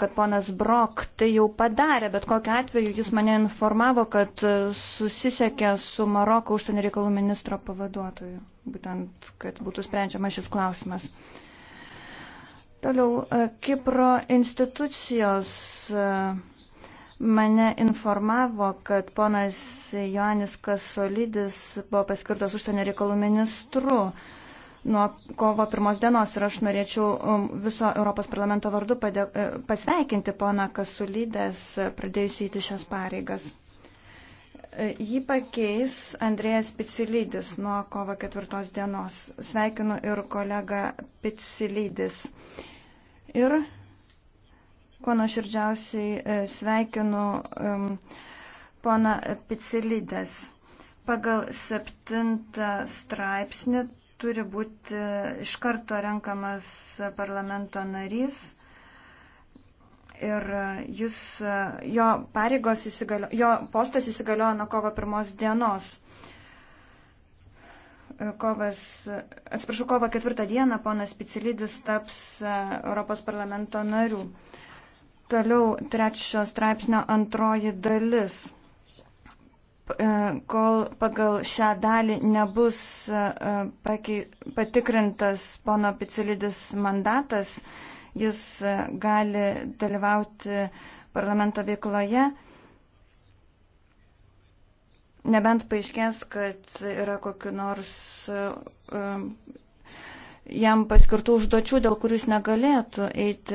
kad ponas Brok tai jau padarė, bet kokiu atveju jis mane informavo, kad susisiekė su Maroko užsienio reikalų ministro pavaduotoju, būtent, kad būtų sprendžiama šis klausimas. Toliau, e, Kipro institucijos e, mane informavo, kad ponas Joanis Kasolidis buvo paskirtas užsienio reikalų ministru nuo kovo pirmos dienos ir aš norėčiau um, viso Europos parlamento vardu padė, e, pasveikinti poną Kasulydės pradėjusį įti šias pareigas. E, jį pakeis Andrėjas Picilydis nuo kovo ketvirtos dienos. Sveikinu ir kolega Picilydis. Ir kuo nuoširdžiausiai e, sveikinu um, pona Picilydės. Pagal septintą straipsnį turi būti iš karto renkamas parlamento narys ir jis, jo, pareigos įsigalio, jo postas įsigaliojo nuo kovo pirmos dienos. Kovas, atsiprašau, kovo ketvirtą dieną ponas Picilidis taps e, Europos parlamento narių. Toliau trečio straipsnio antroji dalis. E, kol pagal šią dalį nebus e, e, patikrintas pono Picilidis mandatas, jis gali dalyvauti parlamento veikloje, nebent paaiškės, kad yra kokiu nors jam paskirtų užduočių, dėl kurių jis negalėtų eiti